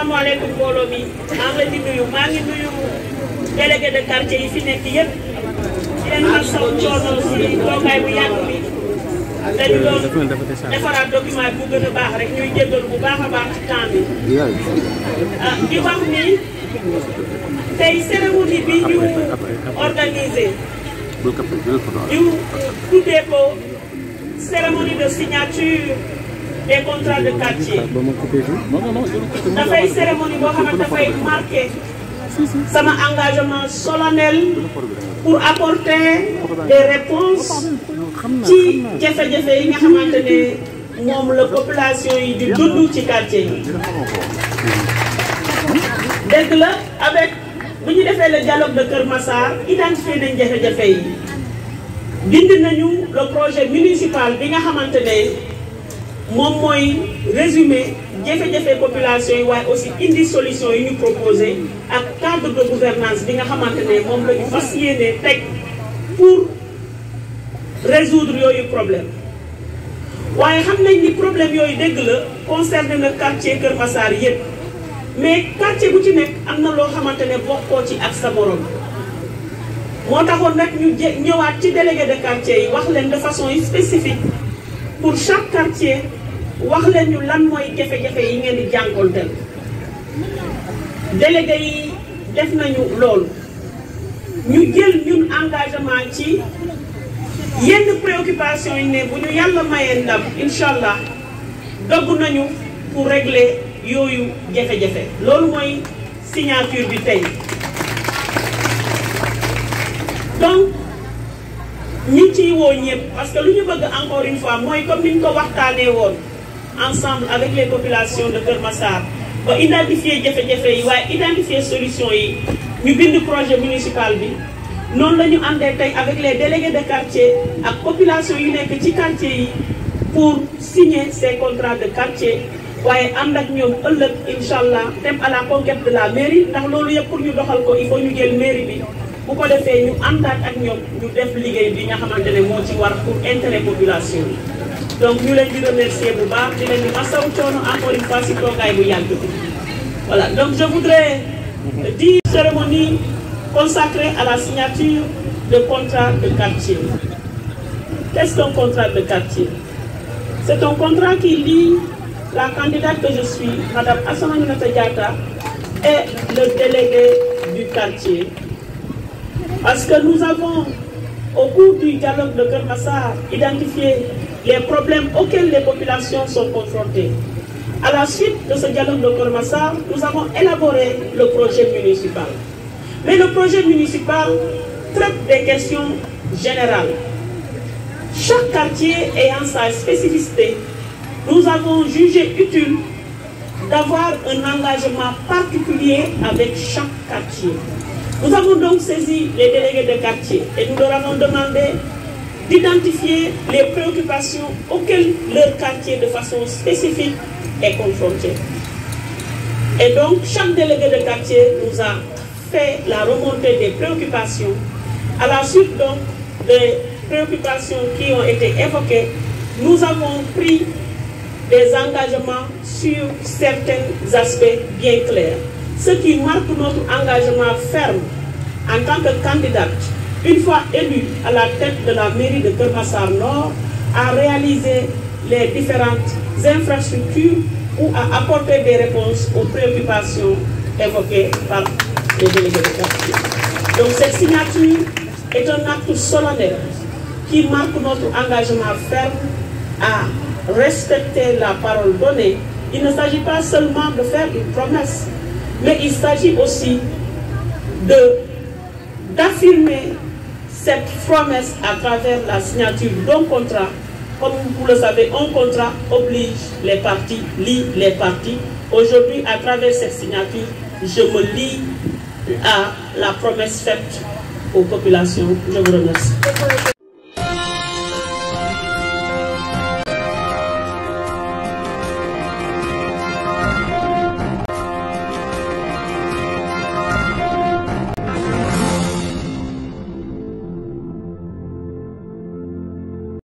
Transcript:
asalaamaaleykum mbooloo mi maa ngi di nuyu maa ngi nuyu délégué de yi fi nekk yëpp di leen mën saw coono si toogaay bu yàgg bi dañu doon defaraat document bu gën a baax rek ñuy jéggalu bu baax a baax ci temps bi ah, di wax ni tey cérémonie bi ñu organisé ñu tuddee ko cérémonie de signature des contrats de quartier dafay bah, cérémonie boo xam ne dafay marqué engagement solennel pour apporter des réponses qui jafe-jafe yi nga xamante ne moom la population du Doudou, dund ci quartier yi dégg avec bu ñu le dialogue de Kër Massar identifié nañ jafe nous. yi bind nañu le projet municipal bi nga xamante mon moyen résumé jafe-jafe population yi waaye aussi indi solution yi ñu proposer ak cadre de gouvernance bi nga xamante mom la ñu fas pour résoudre yoyu problème waaye xam nañ ni problème yoyu dégg la concerne na quartier Kër Massar yépp mais quartier bu ci nek amna lo loo bokko ne ci ak sa borom moo taxoon nag ñu ñëwaat ci délégué de quartier yi wax leen de façon spécifique pour chaque quartier wax leen ñu lan mooy jafe-jafe yi ngeen di jànkonteel délégué yi def nañu loolu ñu jël ñun engagement ci yenn préoccupation yi ne bu ñu yàlla mayee ndam incha allah dogg nañu pour régler yooyu jafe-jafe loolu mooy signature bi tey donc ñi ciy woo ñëpp parce que lu ñu bëgg encore une fois mooy comme ni ñu ko waxtaanee woon ensemble avec les populations de Kermassar pour identifier les jafe yi waaye identifier solution yi ñu projet municipal Nous non en ñu avec les délégués de quartier ak population yu nekk ci quartier pour signer ces contrats de quartier Nous en ak ñoom ëllëg inshallah à la conquête de la mairie dans loolu pour ñu doxal il faut ñu jël mairie bu ko defee ñu àndaat ak ñoom ñu def liggéey bi nga xamante ne ci war pour intérêt population donc ñu leen di remercier bu baax di leen di masaw coono encore une fois si toogaay bu yàgg voilà donc je voudrais dire cérémonie consacrée à la signature de contrat de quartier qu'est-ce qu'un contrat de quartier c'est un contrat qui lie la candidate que je suis Madame Assana Diatta et le délégué du quartier parce que nous avons, au cours du dialogue de Kermassar, identifié les problèmes auxquels les populations sont confrontées. À la suite de ce dialogue de Kermassar, nous avons élaboré le projet municipal. Mais le projet municipal traite des questions générales. Chaque quartier ayant sa spécificité, nous avons jugé utile d'avoir un engagement particulier avec chaque quartier. Nous avons donc saisi les délégués de quartier et nous leur avons demandé d'identifier les préoccupations auxquelles leur quartier de façon spécifique est confronté. Et donc, chaque délégué de quartier nous a fait la remontée des préoccupations. À la suite donc des préoccupations qui ont été évoquées, nous avons pris des engagements sur certains aspects bien clairs. Ce qui marque notre engagement ferme en tant que candidate, une fois élu à la tête de la mairie de Kermassar Nord, à réaliser les différentes infrastructures ou à apporter des réponses aux préoccupations évoquées par les délégués Donc cette signature est un acte solennel qui marque notre engagement ferme à respecter la parole donnée, il ne s'agit pas seulement de faire une promesse, mais il s'agit aussi d'affirmer cette promesse à travers la signature d'un contrat. Comme vous le savez, un contrat oblige les parties, lie les parties. Aujourd'hui, à travers cette signature, je me lie à la promesse faite aux populations. Je vous remercie.